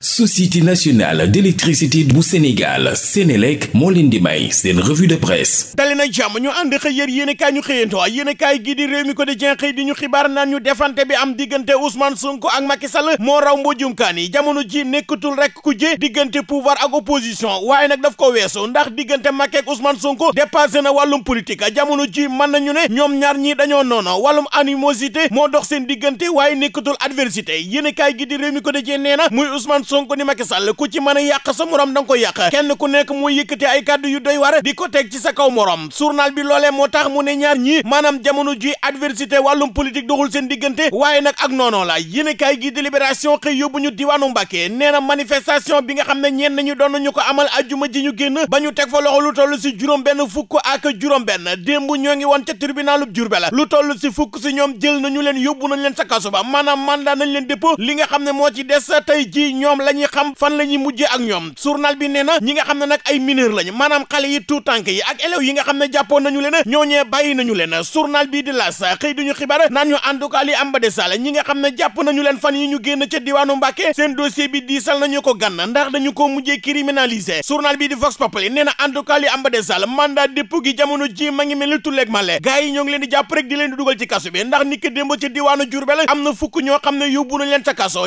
société nationale d'électricité bu Sénégal Sénélec moo leen di may seen revue de presse dali nag ñu ànd xëy yér yéen i kaay ñu xëyanto yéen i kaay gii di réew mi ko di jenxëy di ñu xibaar naan ñu defante bi am diggante Ousmane Sonko ak ji nekkatul rek ku diggante pouvoir ak opposition waaye nag daf ko weesu ndax diggante Macky ak Ousmane Sonko dépassé na wàllum politique jamono ji mën nañu ne ñoom ñaar ñi dañoo noono wàllum animosité moo dox seen diggante waaye nekkatul adversité yéen i muy Ousmane Sonko ni Macky Sall ku ci mën a yàq sa morom da nga koy yàq kenn ku nekk muy yëkkati ay kàddu yu doy war di ko teg ci sa kaw morom journal bi loolee moo tax mu ne ñaar ñi maanaam jamono ji adversité wàllum politique doxul seen diggante waaye nag ak noonoo la yéen kaay gi délibération xëy yóbbu ñu diwaanu Mbàkke nee na manifestation bi nga xam ne ñenn ñu doon ñu ko amal ma ji ñu génn ba ñu teg fa loxo lu toll si juróom benn fukk ak juróom benn démb ñoo ngi woon ca tribunalub lu toll si fukk si ñoom jël nañu leen yóbbu nañ leen sa kaso ba maanaam mandat nañ leen dépôt li nga xam ne moo ci des tey ji ñoom ñoom la xam fan la ñuy mujjee ak ñoom journal bi nee na ñi nga xam ne nag ay mineur lañu maanaam xale yi tout tànk yi ak élèves yi nga xam ne jàppoon nañu leen ñooñee bàyyi nañu leen journal bi di las xëy duñu xibaar naan ñu en tout am ba desal ñi nga xam ne jàpp nañu leen fan yi ñu génn ca diwaanu seen dossier bi diisal nañu ko gànn ndax dañu ko mujjee criminalisé journal bi di Vox Populi nee na en tout cas li am ba desal mandat dépôt gi jamono ji ma ngi rek di leen di dugal ci ñoo xam ne yóbbu nañ leen ca kaso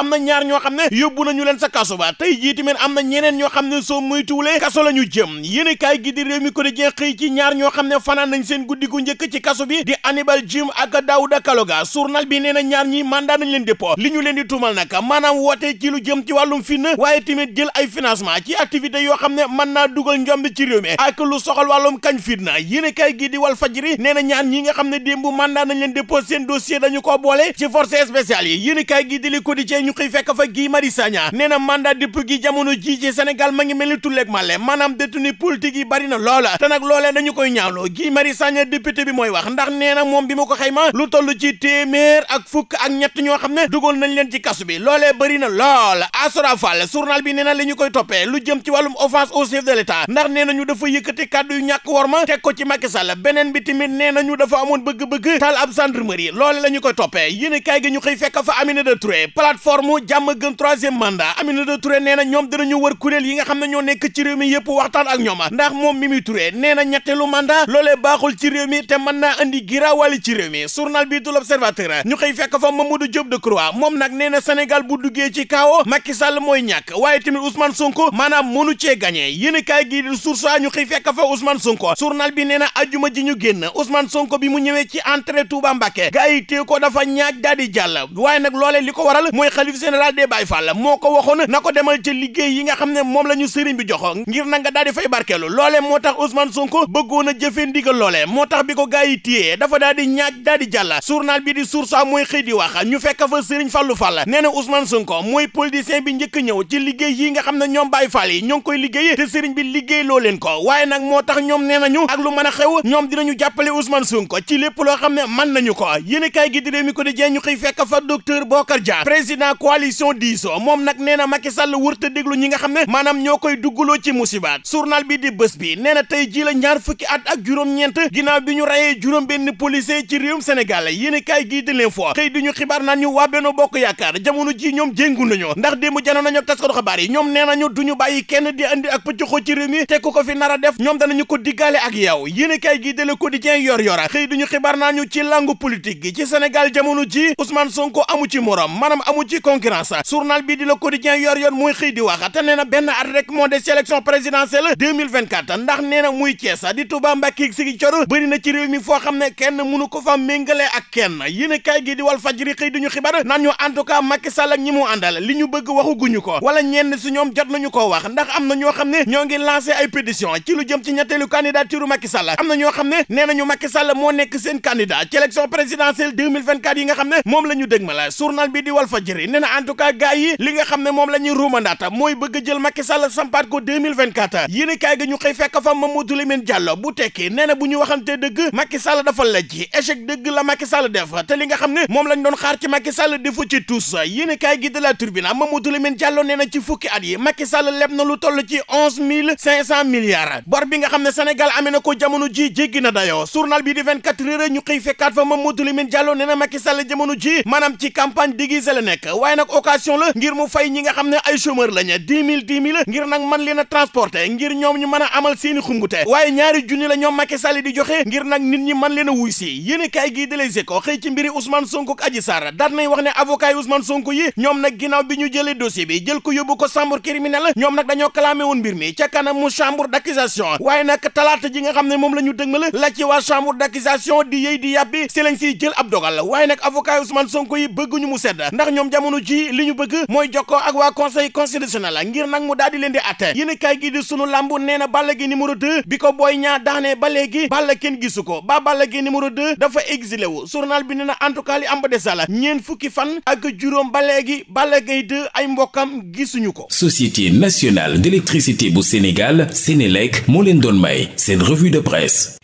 am na ñaar ñoo xam ne yóbbu nañu leen sa kaso ba tey jii tamit am na ñeneen ñoo xam ne soo moytuwulee kaso la ñu jëm yéen kaay gi di réew ko di ci ñaar ñoo xam ne fanaan nañ seen guddi gu njëkk ci kaso bi di Hannibal Jim ak Daouda Kaloga journal bi nee na ñaar ñi mandat nañ leen dépôt li ñu leen di tuumal nag maanaam woote ci lu jëm ci wàllum waaye tamit jël ay financement ci activité yoo xam ne mën naa dugal njomb ci réew mi kañ fitna yéen kaay gi di wal fajri nee na ñi nga xam ne démb mandat nañ leen dépôt seen dossier dañu ko boole ci force spéciale yi yéen kaay gi di ko di ñu koy fekk fa Guy Marius Sagna nee na mandat dépôt gi jamono ji ci Sénégal ma ngi mel ni tulleeg male maanaam détenu politique na loola te nag loolee dañu koy ñaawloo Guy Marius bi mooy wax ndax nee ko xayma lu toll ci téeméer ak fukk ak ñett ñoo xam ne dugal nañ leen ci kasu bi loolee bëri na lool Asra Fall journal bi nee na li ñu koy toppee lu jëm dafa yëkkati kàddu yu ñàkk war ma teg ko ci Macky Sall beneen bi tamit nee ñu dafa amoon bëgg-bëgg tal ab gendarmerie loole la koy toppee yéen kaay gi ñu xëy fekk fa Aminata Touré plateforme plateforme jàmm gën troisième mandat Aminata Touré nee na ñoom dinañu wër kuréel yi nga xam ne ñoo nekk ci réew mi yëpp waxtaan ak ñoom ndax moom Mimi Touré nee na ñetteelu mandat loolee baaxul ci réew mi te mën naa andi giraawaali ci réew mi journal bi du l'Observateur ñu xëy fekk fa Mamadou Diop Decroix moom nag nee na Sénégal bu duggee ci kawo Macky Sall mooy ñàkk waaye tamit Ousmane Sonko maanaam mënu cee gagné yéen a kaay gii di source ñu xëy fekk fa Ousmane Sonko journal bi nee na ajuma ji ñu génn Ousmane Sonko bi mu ñëwee ci entrée Touba Mbacké gaa yi téye ko dafa ñaaj daal di jàll waaye nag loolee li xalif général des Baye Fall moo ko waxoon na ko demal ca liggéey yi nga xam ne moom la ñu sëriñ bi joxo ngir na nga daal fay barkeelu loole moo tax Ousmane Sonko bëggoon a jëfee loole moo tax bi ko gaa dafa daal ñaaj daal di jàll bi di Source A mooy xëy di wax ñu fekk fa sëriñ Fallou Fall nee na Ousmane mooy politicien bi njëkk ñëw ci liggéey yi nga xam ne ñoom Baye Fall yi koy liggéey te sëriñ bi liggéey loo ko waaye nag moo a coalition diisoo moom nag nee na Macky Sall wërta déglu ñi nga xam ne maanaam ñoo koy duggaloo ci musibaat journal bi di bés bi nee na tey ji la ñaar fukki at ak juróom-ñeent ginnaaw bi ñu rayee juróom benn policier ci réewum Sénégal yéen kaay gii di leen fo xëy di ñu xibaar naan ñu waa Benno Bokk Yaakaar jamono jii ñoom jéngu nañu ndax démb janoon nañu taskatu xabaar yi ñoom nee nañu duñu bàyyi kenn di indi ak pëccoxoo ci réew mi te ko fi nar a def ñoom danañu ko diggaale ak yow yéen kaay gii di le quotidien yor yora duñu xibaar naan ñu ci langue politique gi ci Sénégal jamono ji Ousmane Sonko amu ci morom maanaam amu ci di concurrence bi di le quotidien yor yoon muy xëy di wax te nee na benn at rek moo des ci élection présidentielle 2024 ndax nee na muy Thiès di Touba Mbacké Ziguinchor bëri na ci réew mi foo xam ne kenn mënu ko fa méngale ak kenn yéen a kaay gi di Walf Fadjri xëy di ñu xibaar naan ñu en tout cas Macky Sall ak ñi mu àndal li ñu bëgg waxu ko wala ñenn si ñoom jot nañu ko wax ndax am na ñoo xam ne ñoo ngi lancé ay pétition ci lu jëm ci ñetteelu candidature Macky Sall am ñoo xam ne nee nañu Macky Sall moo nekk seen candidat ci élection présidentielle 2024 yi nga xam ne moom la ñu dëgmal journal bi di Walf Fadjri nee na en tout cas gars li nga xam ne moom la ñuy ruumandaata mooy bëgg a jël Macky Sall sampaat ko 2024 yéen kaay ga ñu xëy fekk fa Mamadou Lamine Diallo bu tekki nee bu ñu waxantee dëgg Macky Sall dafa lajj échec dëgg la Macky Sall def te li nga xam ne moom lañ doon xaar ci Macky Sall defu ci tous yéen kaay gi de la Tribune Mamadou Lamine Diallo nee na ci fukki at yi Macky Sall leb na lu toll ci onze mille cinq cent milliards bor bi nga xam ne Sénégal amee na ko jamono ji jéggi na dayoo journal bi di 24 heures ñu xëy fekkaat fa Mamadou Lamine Diallo nee na ci campagne waaye nag occasion la ngir mu fay ñi nga xam ne ay chômeur lañu dix mille dix ngir nag mën leen a transporter ngir ñoom ñu mën a amal seeni xumbute waaye ñaari junni la ñoom Macky Sall di joxe ngir nag nit ñi man leen a wuy si yéen kaay gii de Les Échos xëy ci mbiri Ousmane Sonko ak Adji Sarr daat nañ wax ne avocat yi Ousmane Sonko yi ñoom nag ginnaaw bi ñu jëlee dossier bi jël ko yóbbu ko chambre criminelle ñoom nag dañoo clamé woon mbir mi ca kanam mu chambre d'accusation waaye nag ji nga xam ne moom la ñu dëgmal la ci waa chambre d'accusation di yëy si lañ siy jël ab dogal waaye nag avocat yi Ousmane Sonko yi bëgguñu mu sedd ndax ñoom jamono jamono ji li ñu bëgg mooy jokkoo ak waa conseil constitutionnel ngir nag mu daal di leen di atte yéen kaay gi di sunu lambu nee na Balla Gaye numéro 2 bi ko Boy Niang daanee ba léegi Balla kenn gisu ko ba Balla Gaye numéro 2 dafa exilé wu journal bi nee na en tout cas li am ba desala ñeent fukki fan ak juróom ba léegi Balla Gaye 2 ay mbokkam gisuñu ko. Société nationale d'électricité bu Sénégal Sénélec moo leen doon may seen revue de presse.